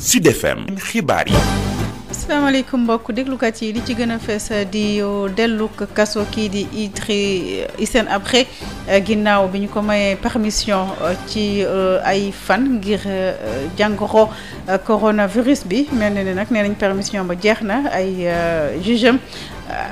Sud FM xibaar yi. asalaamaaleykum mbokk déglukat yi li ci gën a fees di dellu kaso kii di Idri Hissène Habré ginnaaw bi ñu ko mayee permission euh, ci euh, ay fan ngir euh, jàngoro coronavirus bi mel na ni nag nee permission ba jeex na ay jugeem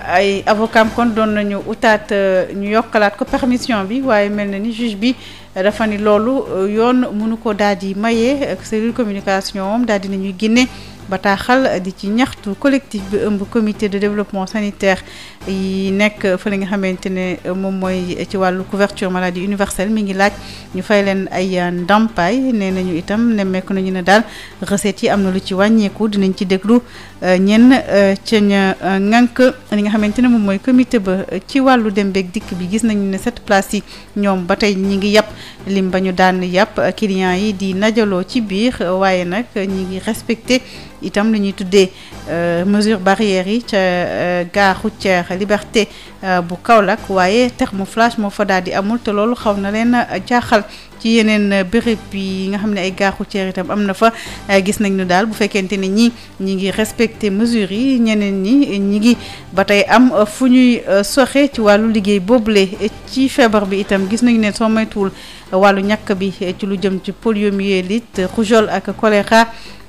ay avocat kon doon nañu utaat ñu yokkalaat ko permission bi waaye mel na ni juge bi. dafa ni loolu euh, yoon mënu ko daal di ak euh, cellule communication moom daal di nañuy génne bataaxal di ci ñaxtu collectif bi ëmb comité de développement sanitaire yi nekk fa li nga xamante ne euh, moom mooy ci wàllu couverture maladie universelle mi ngi laaj ñu fay leen ay ndàmpaay nee nañu itam nemmeeku nañu ne daal recette yi am na lu ci wàññeeku dinañ ci déglu. Euh, ñenn euh, ca ña euh, ŋànk li nga xamante ne moom mooy comité ba ci wàllu dem beeg dikk bi gis nañu ne set place yi ñoom ba tey ñi ngi yàpp lim ba ñu daan yàpp clients yi di najaloo ci biir waaye nag ñi ngi respecté itam lu ñuy tuddee mesure barrières yi ca gaaxu routière liberté bu Kaolack waaye thermoflash moo fa daal di amul te loolu xaw na leen jaaxal ci yeneen euh, béréb yi nga xam ne ay gare routière itam am na fa euh, gis nañ ñu daal bu fekkente ne ñi ñi ngi respecté mesures yi ñeneen ñi ñi ngi ba tey am euh, fu ñuy soxe ci wàllu liggéey boobule ci feebar bi itam gis nañ ne soo moytuwul wàllu ñàkk bi ci lu jëm ci poliomyélite xujol ak choléra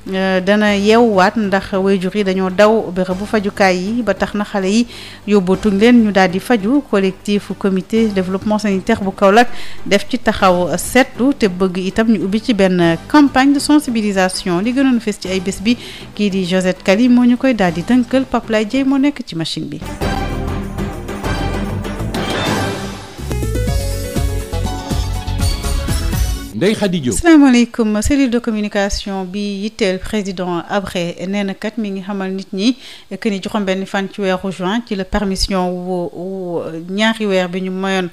euh, dana yeewwaat ndax wayjur yi dañoo daw bu fajukaay yi ba tax na xale yi yóbbootuñ leen ñu daal di faju collectif comité développement sanitaire bu Kaolack def ci taxaw seetlu te bëgg itam ñu ubbi ci benn campagne de sensibilisation li gënoon fes ci ay bés bi kii di Josette Kali moo ñu koy daal di dënkal Pape Lay moo nekk ci machine bi Ndeye Khady Diop salaamaaleykum cellule de communication bi yitteel président Habré nee na kat mi ngi xamal nit ñi que ni juróom benn fan ci weeru juin ci la permission wu ñaari weer bi ñu mayoon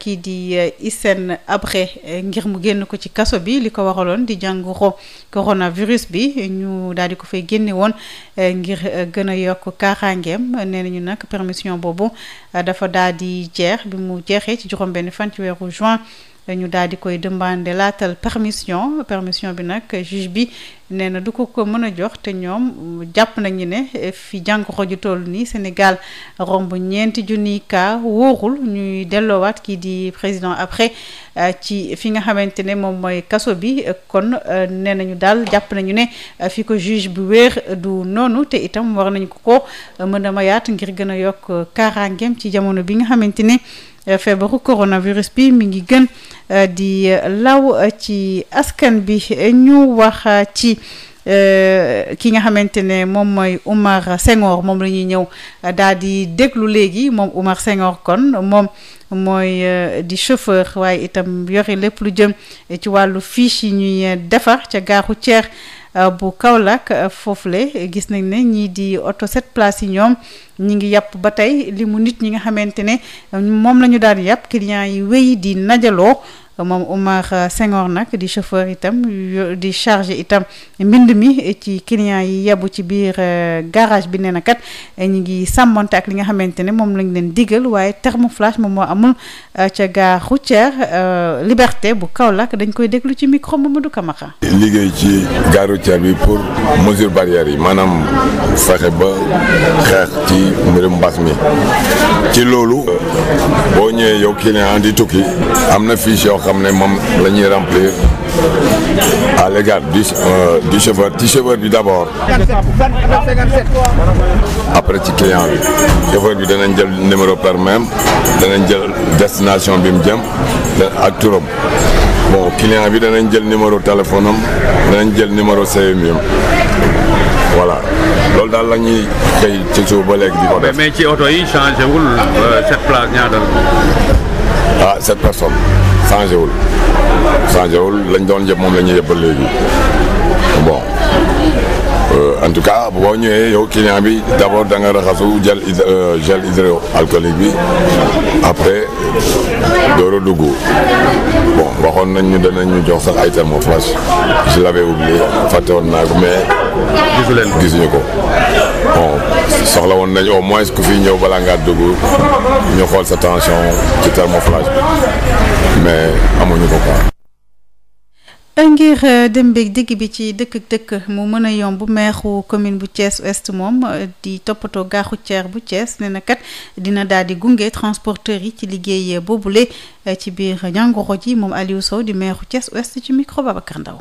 kii di Hissène Habré ngir mu génn ko ci kaso bi li ko waraloon di jàngoro coronavirus bi ñu daal di ko fay génne woon ngir gën a yokk kaaraangeem nee nañu nag permission boobu dafa daal di jeex bi mu jeexee ci juróom benn fan ci weeru juin. ñu daal di koy demandé laatal permission permission bi nag juge bi nee na du ko ko mën a jox te ñoom jàpp nañu ne fi jàngoro ju toll nii Sénégal romb ñeenti junniy cas wóorul ñuy delloowaat kii di président après euh, ci fi nga xamante ne moom mooy kaso bi kon euh, nee nañu daal jàpp nañu ne fi ko juge bu wéer du noonu te itam war nañ ko ko euh, mën a mayaat ngir gën a yokk kaaraangeem ci jamono bi nga xamante ne feebaru coronavirus bi mi ngi gën. Euh, di law euh, ci askan bi ñu wax euh, ci ki nga xamante ne moom mooy Umar Senghor moom la ñuy ñëw daal di déglu léegi moom Umar Senghor kon moom mooy di chauffeur waaye itam yore lépp lu jëm ci wàllu fiche yi ñuy defar ca gaaxu Thier. Euh, bu foofu euh, foofule gis nañ ne ñii di oto set places yi ñoom ñi ngi yàpp ba tey li mu nit ñi nga xamante ne euh, moom la ñu daan yàpp clients yi wéy di najaloo moom Oumar Senghor nag di chauffeur itam di chargé itam mbind mi ci client yi yebu ci biir euh, garage bi nee na euh, ñu ngi sàmmante ak li nga xamante ne moom lañ leen digal waaye thermoflash moom moo amul euh, ca gare routière Liberté bu Kaolack dañ koy déglu ci micro Mamadou Kamara. liggéey ci gare routière bi pour mesure barrière yi maanaam fexe ba xeex ci mbas mi ci loolu boo ñëwee yow client di tukki am na fiche xam ne moom lañuy ñuy remplir à l'égard du euh, du chauffeur ci bi d'abord après ci client bi chauffeur bi danañ jël numéro permis danañ jël destination bi mu jëm ak turam bon client bi danañ jël numéro téléphone am danañ jël numéro CMU am voilà loolu daal la ñuy xëy ci suuf ba léegi di ko def mais ci oto yi changé wul cette euh, place changé wul changé wul lañ doon yëpp moom la ñuy yëpp ba léegi bon euh, en tout cas boo ñëwee yow client bi d' abord da nga raxasu gel euh, gel hydroalcoolique bi après door a dugg bon waxoon nañ ñu danañ ñu jox sax ay thermoflash je l' avais oublié fàtte woon naa ko mais. gisuleen gisuñu ko. bon soxla woon nañ au moins ku fi ñëw balaa ngaa dugg ñu xool sa tension ci thermoflage bi mais amuñu ko quoi. ngir euh, dem beeg digg bi ci dëkk dëkk mu mën a yomb meexu commune bu Thiès Ouest moom di toppatoo gaaxu ceer bu Thiès nee na dina daal di gunge transporteurs yi ci liggéey boobule ci biir jàngoro ji moom Aliou Sow di meexu Thiès Ouest ci micro Babacar Ndaw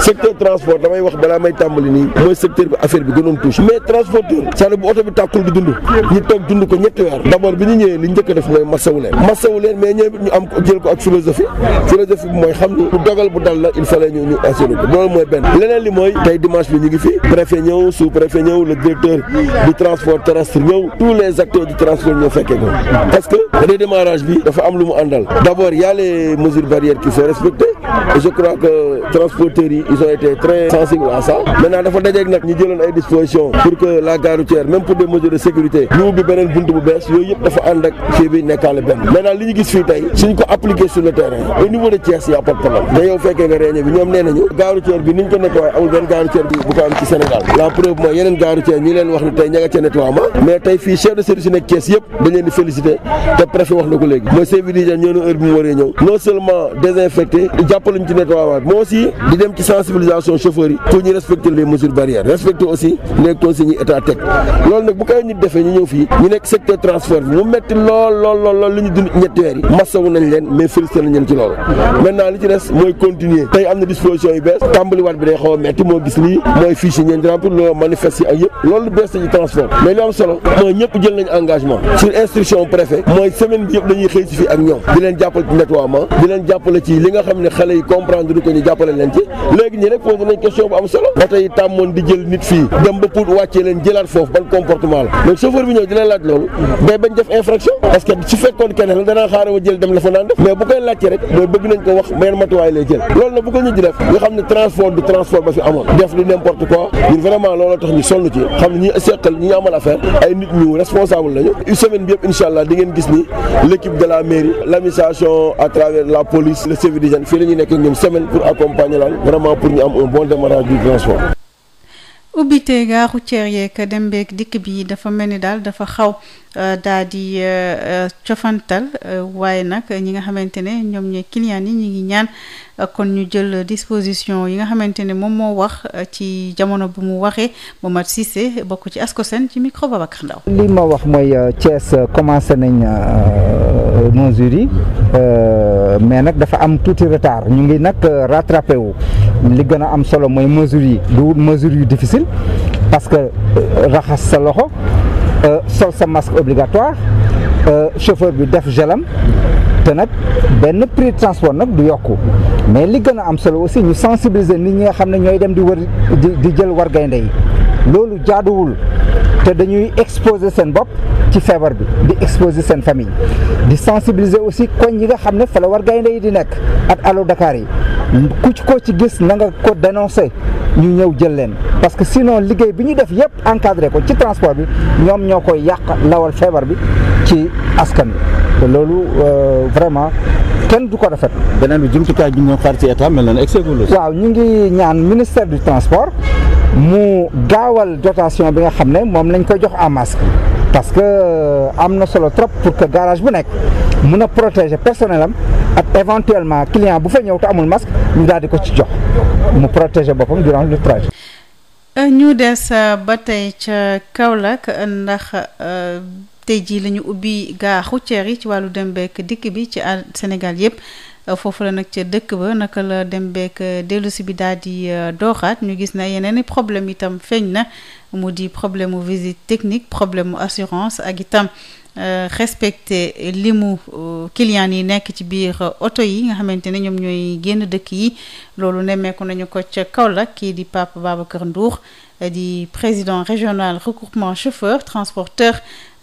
secteur transport damay wax balaa may tàmbali nii mooy secteur bi affaire bi gënoon touche mais transporteur cest bu oto bi tàkkul du dund ñu toog dund ko ñetti weer d'abord bi ñu ñëwee li njëkk a def mooy massawu leen mais ñu am jël ko ak philosophie philosophie bi mooy xam ni bu dogal bu dal la il fallait ñu ñu assuré mooy benn leneen li mooy tey dimanche bi ñu ngi fi préfet ñëw sous préfet ñëw le directeur du transport terrestre ñëw tous les acteurs acteurs yi ils été très sensibles à ça maintenant dafa dajeeg nag ñu jëloon ay dispositions pour que la gare routière même pour des mesures de sécurité ñu ubbi beneen bunt bu bees yooyu yëpp dafa ànd ak kii nekkaale benn maintenant li ñu gis fii tey suñ ko appliqué sur le terrain au niveau de Thiès y a pas de problème te yow fekkee nga réunion bi ñoom nee nañu gare routière bi niñ ko nettoyé amul benn gare routière bi bu ko am ci Sénégal la preuve mooy yeneen gare routière jëm ci sensibilisation chauffeurs yi pour ñu respecter les mesures barrières respecter aussi les consignes état teg loolu nag bu koy nit defee ñu ñëw fii ñu nekk secteur transport bi mu metti lool lool li ñu dund ñetti weer yi massawu nañ leen mais félicité nañ ci loolu maintenant li ci des mooy continuer tey am na disposition yu bees tàmbaliwaat bi day xaw metti moo gis lii mooy fiche yi ngeen di remplir loo manifeste ak yëpp loolu bees nañu transport léegi ñi rek posé nañ question bu am solo oto yi tàmmoon di jël nit fii dem ba pour wàccee leen jëlaat foofu ban comportement la donc chauffeur bi ñëw di la laaj loolu day bañ def infraction parce que su fekkoon keneen la danaa xaarama jël dem la fa naan def mais bu koy laajte rek mooy bëgg nañ ko wax mayen matuwaay lay jël loolu nag bu ko ñu di def nga xam ne transport du transport ba fi amoon def lu n'importe quoi ñun ne ñi seqal ngeen gis ni l'équipe de la mairie l'administration à vraiment pour ñu am un bon démarrage du transport ubbite gaaxu routière yeeg dem beeg dikk bii dafa mel ni daal dafa xaw euh, daa di euh, euh, cofantal waaye nag ñi nga xamante ne ñoom ñooy client yi ñu ngi ñaan kon ñu jël disposition yi nga xamante ne moom moo wax ci jamono bu mu waxee Momar Cissé bokk ci seen ci micro Babacar Ndaw li ma wax mooy Thiès commencé nañ mesures yi mais nag dafa am tuuti retard ñu ngi nag rattrapé wu li gën a am solo mooy mesures yi du wut yu difficile parce que euh, raxas sa loxo euh, sol sa masque obligatoire euh, chauffeur bi def gelam te nag benn prix de transport nag du yokk mais li gën a am solo aussi ñu sensibiliser nit ñi nga xam ne ñooy dem di wër di di jël war gaynde yi loolu jaaduwul te dañuy exposer seen bopp ci feebar bi di exposer seen famille di sensibiliser aussi koñ yi nga xam ne fa war gaynde yi di nekk ak alo Dakar yi ku ci ko ci gis na nga ko dénoncer ñu ñëw jël leen parce que sinon liggéey bi ñu def yëpp encadré ko ci transport bi ñoom ñoo koy yàq lawal feebar bi ci askan bi te loolu euh, vraiment kenn du ko rafet. beneen bi jumtukaay bi ñu ngi xaar ci état mel na ne waaw ñu ngi ñaan ministère du transport. mu gaawal dotation bi nga xam ne moom lañ koy jox en masque parce que euh, am na solo trop pour que garage bu nekk mun a protéger personnel am ak éventuellement client bu fa ñëw te amul masque ñu daal ko ci jox mu protéger boppam durant le trajet. Euh, ñu des euh, ba tey ca Kaolack ndax tey jii la ñu ubbi gaaxu routière yi ci wàllu dem beek dikk bi ci Sénégal yëpp. foofu la nag ca dëkk ba naka la dem beek euh, dellusi bi daal di euh, dooxaat ñu gis na yeneen i problème itam feeñ na mu di problème mu visite technique problème mu assurance ak itam euh, respecté li mu clients yi nekk ci biir oto yi nga xamante ne ñoom ñooy génn dëkk yi loolu nemmeeku nañu ko ca Kaolack kii di Pape kër Ndour di président régional regroupement chauffeur transporteur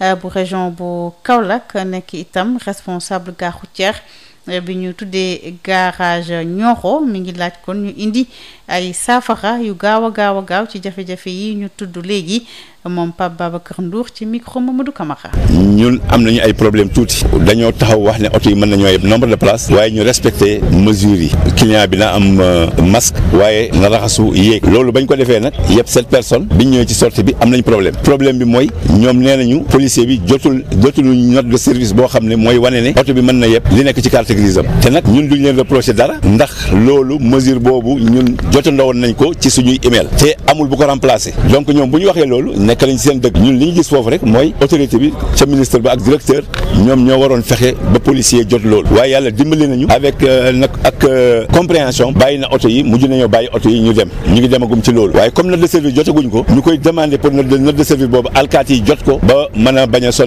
bu région bu Kaolack nekk itam responsable gare routière bi ñu tuddee garage ñoxo mi ngi laaj kon ñu indi ay saafara yu gaaw a gaaw a gaaw ci jafe-jafe yi ñu tudd léegi moom Pape Babacar Ndour ci micro Mamadou Camara. ñun am nañu ay problème tuuti. dañoo taxaw wax ne oto yi mën nañoo yeb nombre de place. waaye ñu respecté mesures yi. client bi na am euh, masque. waaye na raxasu yéeg. loolu bañ ko defee nag yëpp sept personnes biñ ñëwee ci sortie bi am nañ problème. problème bi mooy ñoom nee nañu policier bi jotul jotul note de service boo xam ne mooy wane ne oto bi mën na yeb li nekk ci carte grise te nag ñun duñ leen reproché dara ndax loolu mesure boobu ñun. jotandoo woon nañ ko ci suñuy email te amul bu ko remplacer donc ñoom bu ñu waxee loolu nekk nañ seen dëgg ñun li ñu gis foofu rek mooy autorité bi ca ministre ba ak directeur ñoom ñoo waroon fexe ba policier jot loolu waaye yàlla dimbali nañu avec euh, nag ak euh, compréhension bàyyi na oto yi mujj nañoo bàyyi oto yi ñu dem ñu ngi demagum ci loolu waaye comme note de service jotaguñ ko ñu koy demander pour note de service boobu alkaati jot ko ba mën a bañ yi ci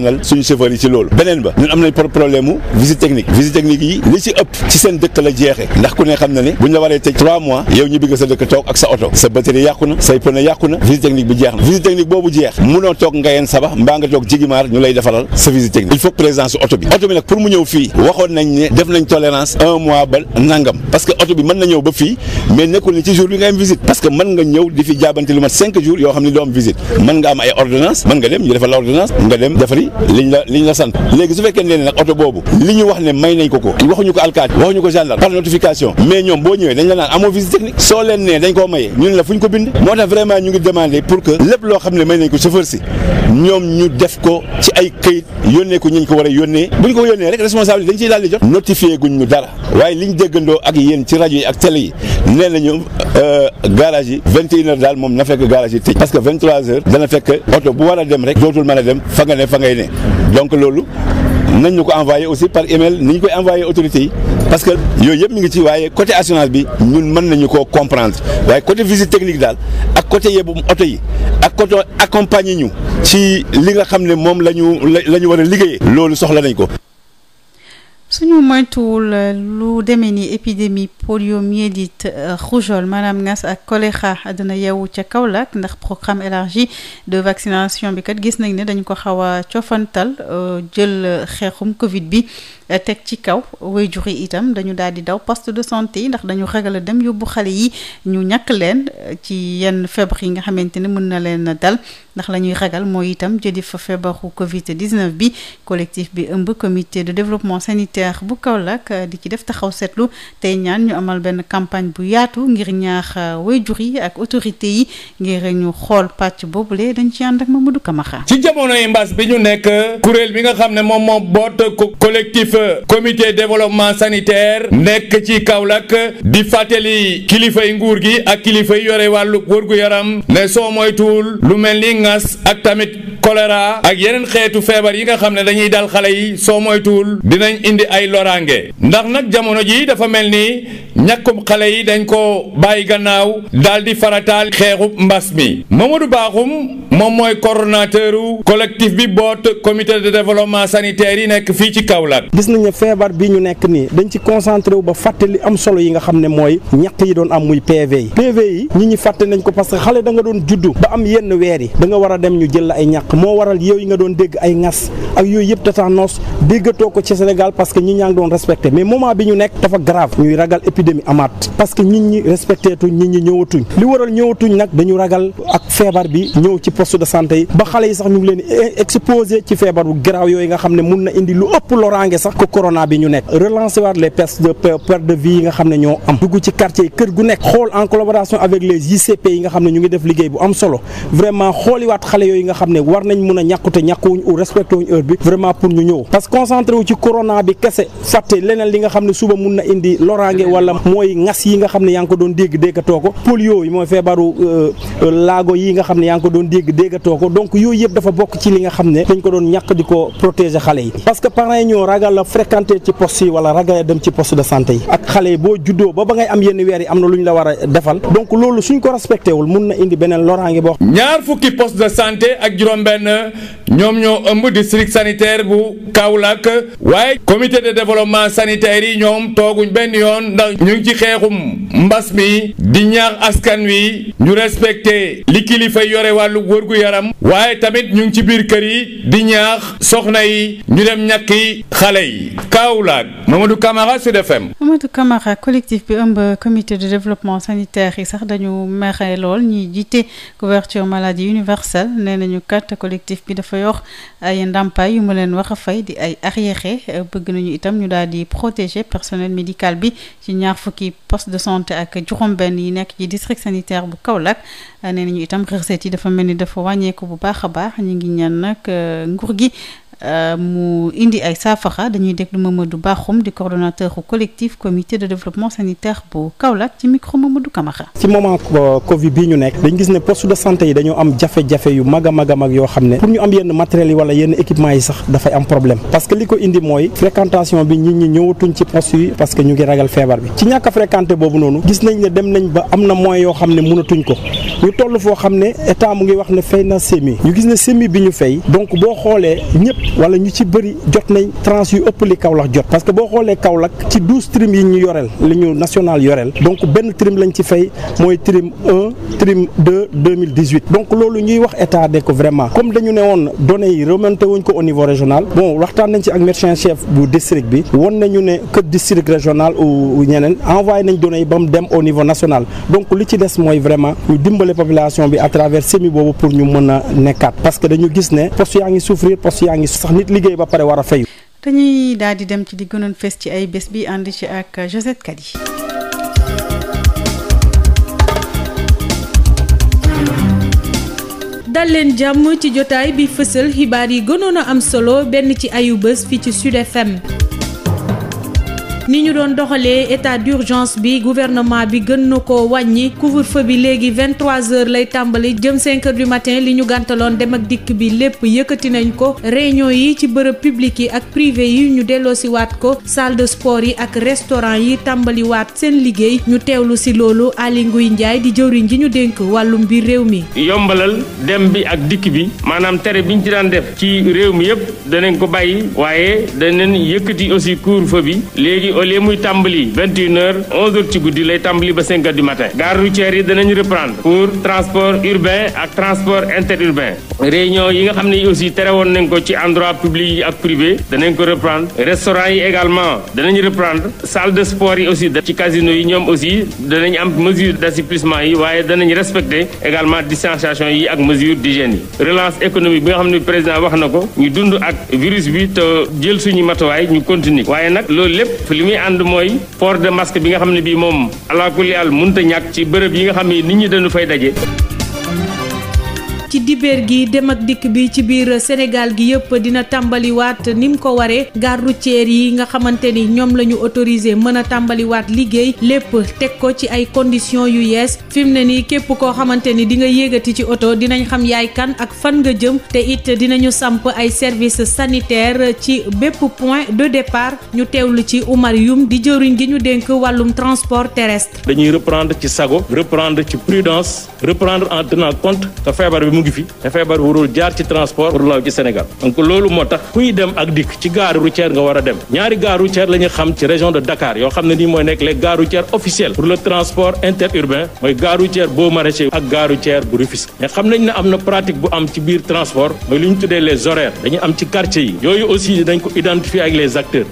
yi li ci ëpp ci seen dëkk la jeexe ndax nga sa dëkk toog ak sa oto sa batterie yàqu na technique bi jeex na visite technique boobu jeex munoo toog ngayeen sabax mbaa nga toog jigimaar ñu lay defaral sa visite technique il faut présence oto bi oto bi nag pour mu ñëw fii waxoon nañ ne def nañ tolérance un mois ba nangam parce que oto bi mën na ñëw ba fii mais nekkul ni ci jour bi nga am visite parce que mën nga ñëw di fi jaabante lu mat cinq jours yoo xam ne doo am visite nga am leen nee dañ koo maye ñun la fu ñu ko bind moo tax vraiment ñu ngi demandé pour que lépp loo xam ne may nañ ko chauffeur si ñoom ñu def ko ci ay këyit yónnee ko ñuñ ko war a yónnee bu ñu ko yónnee rek responsabilité dañ ciy daal di jot notifié guñ ñu dara waaye liñ déggandoo ak yéen ci rajo yi ak télé yi nee nañu euh, garage yi vingt et une daal moom na fekk garage yi tëj parce que vingt trois heures dana fekk oto bu war a dem rek dootul mën a dem fa ne fa ngay ne donc loolu nañ ñu ko envoyé aussi par email ni ñu koy envoyé autorités yi parce que yooyu yëpp mi ngi ci waaye côté assurance bi ñun mën nañu koo comprendre waaye côté visite technique daal ak côté yebum oto yi ak côté accompagner ñu ci li nga xam ne moom la ñu la ñu war a loolu soxla nañ ko suñu moytuwul euh, lu demee ni épidémie poliomyélite euh, rougeole maanaam ngas ak choléra dina yeewu ca Kaolack ndax programme élargi de vaccination bi kat gis nañ ne dañu ko xaw a cofantal euh, jël xeexum Covid bi teg ci kaw waajur yi itam dañu daal di daw poste de santé yi ndax dañu ragal a dem yóbbu xale yi ñu ñàkk leen ci yenn feebar yi nga xamante ne mën na leen dal ndax la ñuy ragal mooy itam jëli fa feebaru Covid 19 bi collectif bi ëmb comité de développement Cheikh bu Kaolack eh, di ci def taxaw seetlu tey ñaan ñu amal benn campagne bu yaatu ngir ñaax eh, wayjur yi ak autorité yi ngir ñu xool pàcc boobule dañ ci ànd ak Mamadou Kamara. ci jamonoy mbas bi ñu nekk kuréel bi nga xam ne moom moo boot collectif eh, comité développement sanitaire nekk ci Kaolack di fàttali kilifay nguur gi ak kilifay yore wàllu wërgu yaram ne soo moytuwul lu mel ni ngas ak tamit. choléra ak yeneen xeetu feebar yi nga xam ne dañuy dal xale yi soo moytuwul dinañ indi ay loraange ndax nag jamono ji dafa mel ni ñàkkum xale yi dañ ko bàyyi gannaaw daal di farataal xeexu mbas mi moom Mamadou Bakhoum moom mooy coordonnateur collectif bi boot comité de développement sanitaire yi nekk fii ci Kaolack. gis nañu feebar bi ñu nekk nii dañ ci concentré wu ba fàttali am solo yi nga xam ne mooy ñàkk yi doon am muy PV yi PV yi ñi ñi fàtte nañ ko parce que xale da nga doon juddu am yenn weer yi da nga war a dem ñu jël ay ñàkk moo waral yow yi nga doon dégg ay ngas ak yooyu yëpp tétanos déggatoo ko ci Sénégal parce que ñi ñaa ngi doon respecté mais moment bi ñu nekk dafa grave ñuy ragal épidémie amaat parce que nit ñi respecté tuñ nit ñi ñëwatuñ li waral ñëwatuñ nag dañu ragal ak feebar bi ñëw ci poste de santé yi ba xale yi sax ñu ngi leen exposé ci feebar bu grave yooyu nga xam ne mun na indi lu ëpp loraange sax ko corona bi ñu nekk relancer waat les pertes de perte de vie yi ne ñoo am dugg ci nekk xool en collaboration avec les ICP yi ñu ngi def liggéey bu am solo vraiment xooliwaat xale yooyu nga xam ne war nañ mën a ñàkku te ñàkkuwuñ ou respecté wuñ heure bi vraiment pour ñu ñëw parce que concentré wu ci corona bi kese fàtte leneen li nga xam ne suba mun na indi loraange wala mooy ngas yi nga xam ne yaa ngi ko doon dégg déggatoo ko polio yi mooy feebaru euh, euh, laago yi nga xam ne yaa ngi ko doon dégg déggatoo ko donc yooyu yëpp dafa bokk ci li nga xam ne dañ ko doon ñàkk di ko protéger xale yi parce que parents ñoo ragal la fréquenter ci poste yi wala ragal dem ko respecté juróom-benn ñoom ñoo ëmb district sanitaire bu Kaolack waaye comité de développement sanitaire yi ñoom tooguñ benn yoon ndax ñu ngi ci xeexum mbas mi di ñaax askan wi ñu respecte li kilifa yore wàllu gu yaram waaye tamit ñu ngi ci biir kër yi di ñaax soxna yi ñu dem ñàkki xale yi Kaolack Mamadou Camara Sud FM. Mamadou Camara collectif bi ëmb comité de développement sanitaire yi sax dañu mexe lool ñi jiite couverture maladie universelle nee te collectif bi dafa yox ay ndàmpaay yu ma leen wax a fay di ay arriéré euh, bëgg nañu itam ñu daal di protéger personnel médical bi ci ñaar fukki poste de santé ak juróom-benn yi nekk ci district sanitaire bu kaw Kaolack euh, nee nañu itam recettes yi dafa mel ni dafa wàññeeku bu baax a baax ñu ngi ñaan nag euh, nguur gi. Euh, mu indi ay saafaxa dañuy déglu Mamadou Bakhoum di coordonnateur collectif comité de développement sanitaire bu Kaolack ci micro Mamadou Camara. ci moment Covid bii ñu nekk dañ gis ne poste de santé yi dañoo am jafe-jafe yu mag a mag a mag yoo xam ne pour ñu am yenn matériels yi wala yenn équipement yi sax dafay am problème parce que li ko indi mooy fréquentation bi nit ñi ñëwatuñ ci poste yi parce que ñu ngi ragal feebar bi ci ñàkk a fréquenté boobu noonu gis nañ ne dem nañ ba am na moyens yoo xam ne mënatuñ ko ñu toll foo xam ne état mu ngi wax ne fay na semi ñu gis ne semi bi ñu fay donc boo xoolee ñëpp wala ñu ci bëri jot nañ tranche yu ëpp li Kaolack jot parce que boo xoolee Kaolack ci douze trim yi ñu yoreel li ñu national yoreel donc benn trim lañ ci fay mooy trim un trim deux deux mille dix huit donc loolu ñuy wax état de ko vraiment comme dañu ne woon données yi remonté wuñ ko au niveau régional bon waxtaan nañ ci ak médecin chef bu district bi won nañu ne que district régional ou ñeneen envoyé nañ données yi ba mu dem au niveau national donc li ci des mooy vraiment ñu dimbale population bi à travers semi boobu pour que dañu gis sax nit liggéey ba pare war a dañuy daal di dem ci di gënoon fees ci ay bés bi ànd ci ak Josette Kadi dal leen jàmm ci jotaay bi fësal xibaar yi gënoon a am solo benn ci ayu bés fii ci Sud ni ñu doon doxalee état d'urgence bi gouvernement bi gën na ko wàññi couvre-feu bi léegi 23h lay tàmbali jëm 5h du matin li ñu gantaloon dem ak dikk bi lépp yëkkati nañ ko réunion yi ci bërëb public yi ak privé yi ñu delloosiwaat ko salle de sport yi ak restaurant yi tàmbaliwaat seen liggéey ñu teewlu si loolu Aly Ngouille Ndiaye di jëwriñ ji ñu dénk wàllum biir réew mi. yombalal dem bi ak dikk bi maanaam tere biñ ñu ci daan dem ci réew mi yëpp danañ ko bàyyi waaye danañ yëkkati aussi au lieu muy tàmbali vingt une heures onze heures ci guddi lay tàmbali ba cinq heures du matin gare routière yi danañ reprendre pour transport urbain ak transport interurbain réunion yi nga xam ne aussi tere woon nañ ko ci endroit public yi ak privé danañ ko reprendre restaurant yi également ñu reprendre salle de sport yi aussi ci casino yi ñoom aussi danañ am mesure d'assouplissement yi waaye danañ respecter également distanciation yi ak mesure d'hygiène yi relance économique bi nga xam ne président wax na ko ñu dund ak virus bi te jël suñu matuwaay ñu continuer waaye nag muy ànd mooy port de masque bi nga xam ne bii moom alaakulli àll mënut a ñàkk ci bërëb yi nga xam ni nit ñi dañu fay daje. ci diber gi dem ak dikk bi ci biir Sénégal gi yëpp dina tàmbaliwaat ni mu ko waree gare routière yi nga xamante ni ñoom la ñu autorisé mën a tàmbaliwaat liggéey lépp teg ko ci ay conditions yu yees fi mu ne nii képp koo xamante ni di nga yéegati ci oto dinañ xam yaay kan ak fan nga jëm te it dinañu samp ay service sanitaire ci bépp point de départ ñu teewlu ci Oumar Youm di jëriñ gi ñu dénk wàllum transport terrestre. dañuy reprendre ci sago reprendre ci prudence mu ngi fi te feebar warul jaar ci transport pour ci Sénégal donc loolu moo tax kuy dem ak dikk ci gare routière nga war a dem ñaari gare routière la xam ci région de Dakar yoo xam ne mooy nekk les gares routières officielles pour le transport interurbain mooy gare routière Baux Maraîchers ak gare routière bu Rufisque mais xam nañ ne am na pratique bu am ci biir transport mooy li ñu tuddee les horaires dañu am ci quartier yi yooyu aussi dañ ko identifier ak les acteurs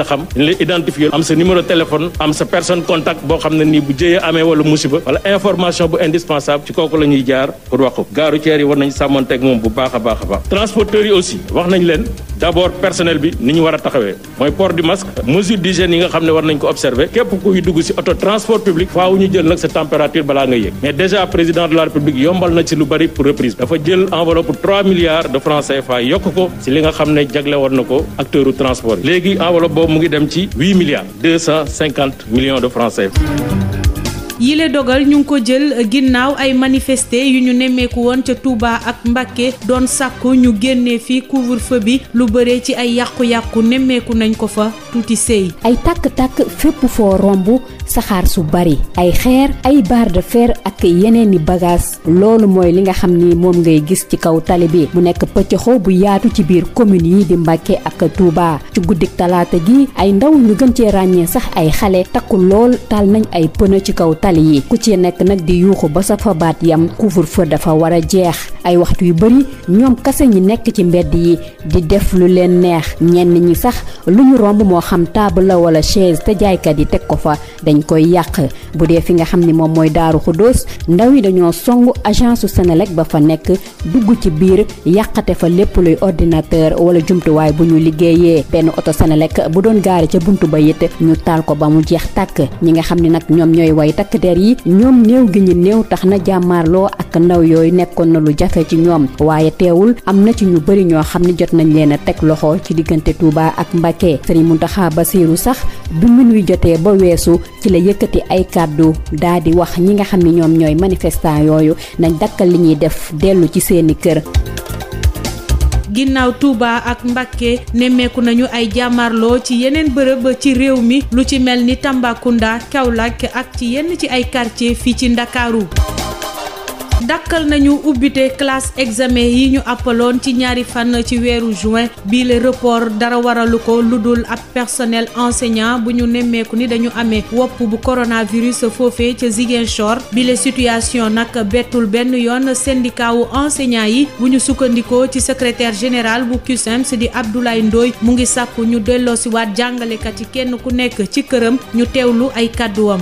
la xam dañ identifier am sa numéro téléphone am sa personne contact boo xam ne nii bu jëyee amee wala musiba wala information bu indispensable ci kooku la jaar pour wax gaaru ceer yi war nañ sàmmanteeg moom bu baax a baax a baax transporteurs yi aussi wax nañ leen d' abord personnel bi ni ñu war a taxawee mooy port du masque mesure d'hygiène yi nga xam ne war nañ ko observer képp kuy dugg ci auto transport public faaw ñu jël nag sa température bala nga yéeg mais déjà président de la république yombal na ci lu bari pour reprise dafa jël enveloppe 3 milliards de francs CFA yokk ko ci li nga xam ne jagle war na ko acteur u transport yi léegi enveloppe boobu mu ngi dem ci 8 milliards 250 millions de francs CFA yile dogal ñu ngi ko jël ginnaaw ay manifester yu ñu nemmeeku woon ca Touba ak Mbacké doon sàkku ñu génnee fi couvre-feu bi lu bëree ci ay yàqu-yàqu nemmeeku nañ ko fa tuuti sey ay tàkk-tàkk fépp foo romb saxaar su bari ay xeer ay barre de fer ak yeneen i bagage loolu mooy li nga xam ni moom ngay gis ci kaw tali bi mu nekk pëccëxoo bu yaatu ci biir commune yi di Mbacké ak Touba ci guddik talaata gi ay ndaw ñu gën cee ràññee sax ay xale takkul lool taal nañ ay pneu ci kaw tali yi ku ci nekk nag di yuuxu ba sa fa baat yam couvre-feu dafa war a jeex ay waxtu yu bëri ñoom kase ñi nekk ci mbedd yi di def lu leen neex ñenn ñi sax lu ñu romb moo xam table la wala chaise te jaaykat yi teg ko fa dañ koy yàq bu dee fi nga xam ni moom mooy Daaru Xuddoos ndaw yi dañoo songu agence su Senelec ba fa nekk dugg ci biir yàqate fa lépp luy ordinateur wala jumtuwaay bu ñu liggéeyee benn oto Senelec bu doon gaari ca bunt ba it ñu taal ko ba mu jeex tàkk ñi takk yi ñoom néew gi ñu néew tax na jàmmaarloo ak ndaw yooyu nekkoon na lu jafe ci ñoom waaye teewul am na ci ñu bëri ñoo xam ne jot nañ leen a teg loxo ci diggante Touba ak Mbacké Serigne Mountakha basiiru sax bi minuy jotee ba weesu ci la yëkkati ay kàddu daa di wax ñi nga xam ne ñoom ñooy manifestant yooyu nañ dakkal li ñuy def dellu ci seeni kër ginnaaw tuuba ak Mbacké nemmeeku nañu ay jàmmarloo ci yeneen bërëb ci réew mi lu ci mel ni Tambacounda Kaolack ak ci yenn ci ay quartier fii ci Ndakaaru dàkkal nañu ubbite classe examen yi ñu appaloon ci ñaari fan ci weeru juin bii le report dara waralu ko lu dul ab personnel enseignant bu ñu nemmeeku ni dañu amee wopp bu coronavirus foofee ca Ziguinchor bi le situation nag bettul benn yoon syndicat wu yi bu ñu sukkandikoo ci secrétaire général bu CUSEMS di Abdoulaye Ndoye mu ngi sàkku ñu delloosiwaat jàngalekat yi kenn ku nekk ci këram ñu teewlu ay kàdduwam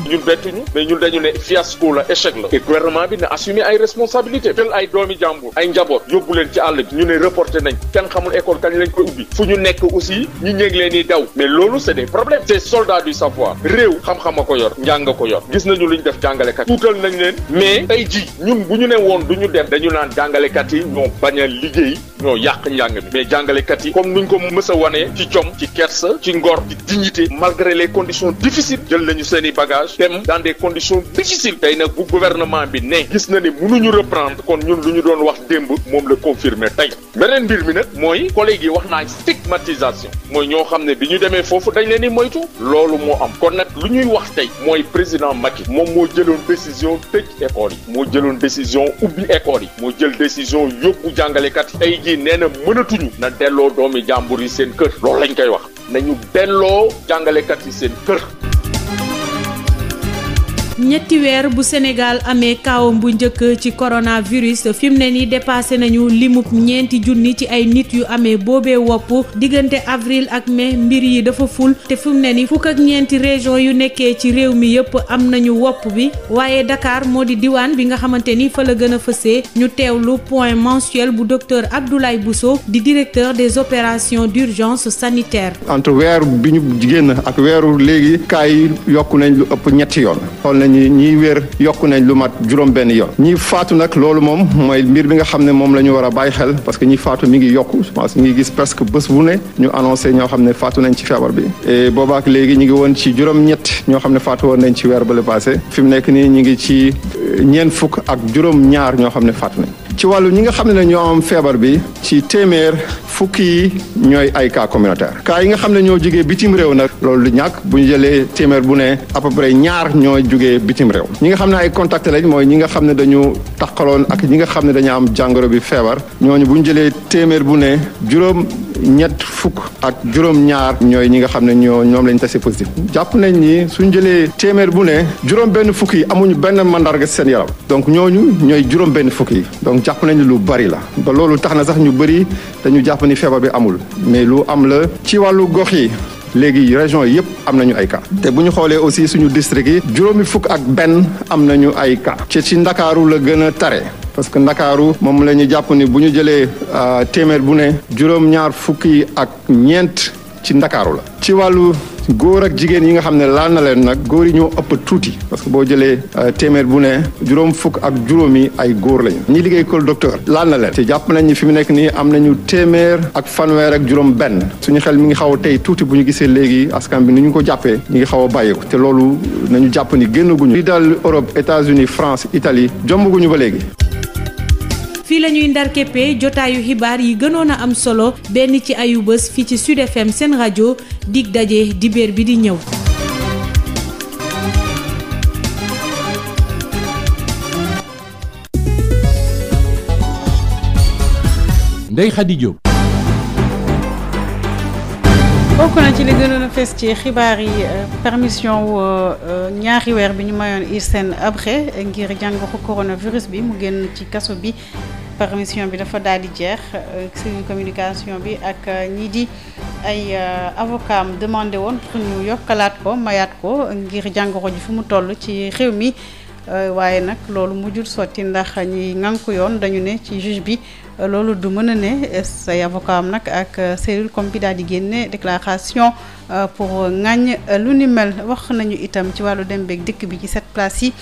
responsabilité jël ay doomi jàmbur ay njaboot yóbbu leen ci àll bi ñu ne reporté nañ kenn xamul école kañ lañ koy ubbi fu ñu nekk aussi ñu ñëg leen di daw mais loolu c'est des problèmes c'est soldats du savoir réew xam-xam a ko yor njàng a ko yor gis nañu lu ñu def jàngalekat tuutal nañu leen mais tey jii ñun bu ñu ne woon du ñu dem dañu naan jàngalekat yi ñoo bañ liggéey ñoo yàq njàng mi mais jàngalekat yi comme ñu ko mës a wanee ci jom ci kersa ci ngor ci dignité malgré les conditions difficiles jël nañu seen i bagages dem dans des conditions difficiles tey nag bu gouvernement bi ne gis na ne mënuñu reprendre kon ñun lu ñu doon wax démb moom la confirmer tey beneen mbir mi nag mooy collègue yi wax naa stigmatisation mooy ñoo xam ne bi ñu demee foofu dañ leen di moytu loolu moo am kon nag lu ñuy wax tey mooy président Macky moom moo jëloon décision tëj école moo jëloon décision ubbi école yi moo jël décision yóbbu jàngalekat yi gi nee na mënatuñu na delloo doomi jàmbur yi seen kër loolu lañ koy wax nañu delloo jàngalekat yi seen kër ñetti weer bu Sénégal amee kaawam bu njëkk ci coronavirus fi mu ne nii dépassé nañu limub ñeenti junni ci ay nit yu amee boobee wopp diggante avril ak mai mbir yi dafa ful te fi ne nii fukk ak ñeenti région yu nekkee ci réew mi yëpp am nañu wopp bi waaye Dakar moo di diwaan bi nga xamante ni fa la gën a fësee ñu teewlu point mensuel bu docteur Abdoulaye Bousso di directeur des opérations d'urgence sanitaire. entre weer bi ñu génn ak weeru léegi yokku nañ lu ñetti yoon. nañ ñiy wér yokk nañ lu mat juróom benn yoon ñi faatu nag loolu moom mooy mbir bi nga xam ne moom la ñu war a bàyyi xel parce que ñi faatu mi ngi yokk je pense mi gis presque bés bu ne ñu annoncé ñoo xam ne faatu nañ ci feebar bi et boobaak léegi ñu ngi woon ci juróom-ñett ñoo xam ne faatu woon nañ ci weer bale passé fi mu nekk nii ñu ngi ci euh, ñeen fukk ak juróom ñaar ñoo xam ne faatu nañ ci wàllu ñi nga xam ne ñoo am feebar bi ci téeméer fukki yi ñooy ay cas communautaire cas yi nga xam ne ñoo jugee bitim réew nag loolu du ñàkk bu ñu jëlee téeméer bu ne à peu ñaar ñooy jugee bitim réew ñi nga xam ne ay contact lañ mooy ñi nga xam ne dañu taqaloon ak ñi nga xam ne dañu am jàngoro bi feebar ñooñu bu ñu jëlee téeméer bu ne juróom ñett fukk ak juróom-ñaar ñooy ñi nga xam ne ñoo ñoom lañ testé positif jàpp nañ ni suñ jëlee téeméer bu ne juróom benn fukk yi amuñu benn mandarga ci seen yaram donc ñooñu ñooy juróom benn fukk yi donc jàpp nañu lu bari la ba loolu tax na sax ñu bari dañu jàpp ni feebar bi amul mais lu am la ci wàllu gox yi léegi région yépp am nañu ay ka te bu ñu xoolee aussi suñu district yi juróomi fukk ak benn am nañu ay cas ci ci Ndakaaru la gën a tare parce que ndakaaru moom la ñu jàpp ni bu ñu jëlee euh, téeméer bu ne juróom-ñaar fukki ak ñeent ci ndakaaru la ci wàllu góor ak jigéen yi nga xam ne laal na leen nag góor yi ñoo ëpp tuuti parce que boo jëlee euh, téeméer bu ne juróom fukk ak juróomi ay góor lañu ñi liggéey école docteur laal na leen te jàpp nañ ni fi mu nekk nii am nañu téeméer ak fanweer ak juróom benn suñu xel mu ngi xaw tey tuuti bu ñu gisee léegi askan bi nu ñu ko jàppee ñu ngi xaw a bàyyeeku te loolu nañu jàpp ni génn guñu daal Europe états France Italie jomb guñu ba léegi fii lañuy ñuy ndar keppe jotaayu xibaar yi gënoon a am solo benn ci ayu bés fii ci Sud seen rajo dig daje dibeer bi di ñëw. Ndeye Khady bokk na ci li gënoon fees fes ci xibaar yi euh, permission wu euh, ñaari weer bi ñu mayoon Hissène Habré ngir jàngoro coronavirus bi mu génn ci kaso bi permission bi dafa daal di jeex euh, seen communication bi ak ñii di ay avocat am demandé woon pour yokkalaat ko mayaat ko ngir jàngoro ji fu mu toll ci réew mi waaye nag loolu mu jul sotti ndax ñi ngànku yoon dañu ne ci juge bi. loolu du mën a ne say avocat am nag ak cellule comme bi daal di génne déclaration euh, pour ŋàññ lu ni mel wax nañu itam ci wàllu dem beeg dikk bi ci set place yi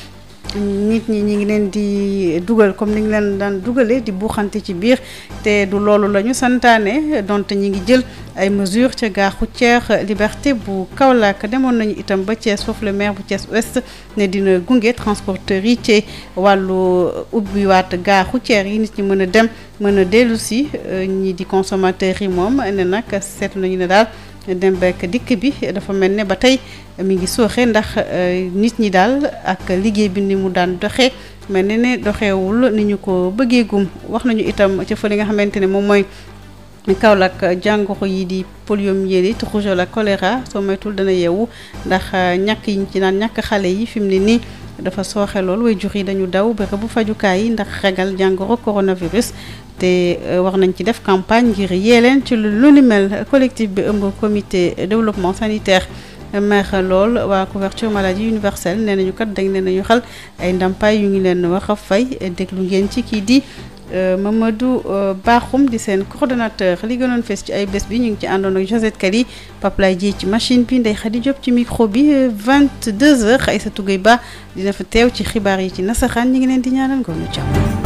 nit ñi ñi ngi leen di dugal comme ni ñu leen daan dugalee di buuxante ci biir te du loolu la ñu santaane donte ñi ngi jël ay mesures ca gare routière Liberté bu Kaolack demoon nañu itam ba Thiès foofu le maire bu Thiès Ouest ne dina gunge transporteurs yi ci wàllu ubbiwaat gaaxu routière yi nit ñi mën a dem mën a dellu si euh, ñi di consommateurs yi moom ne nag seetu nañu ne daal dem bekk dikk bi dafa mel ne ba tey mi ngi sooxe ndax euh, nit ñi daal ak liggéey bi ni mu daan doxee mel ne ne doxewul ni ñu ko bëggee gum wax nañu itam ca fa li nga xamante ne moom mooy Kaolack jàngoro yi di poliomyélite rougeole ak kolera soo moytul dana yeewu ndax euh, ñàkk yi ñu ci naan ñàkk xale yi fi mu ne nii. dafa sooxe lool way jur yi dañu daw ba bërëbu fajukaay yi ndax ragal jàngoro coronavirus te euh, war nañ ci def campagne ngir yee leen ci lu ni mel collectif bi ëmb comité développement sanitaire meex lool waa couverture maladie universelle nee nañu kat dañ leen nañu xal ay ndàmpaay yu ngi leen wax a fay déglu ngeen ci kii di Euh, Mamadou euh, Bakhoum di seen coordonnateur li gënoon fees ci ay bés bi ñu ngi ci àndoon ak Josette Kali Pape Lay ji ci machine bi Ndeye Khady Diop ci micro bi 22h Aïssatou Gueye Ba dina fa teew ci xibaar yi ci nasaxaan ñi ngi leen di ñaanal ngoonu càmm.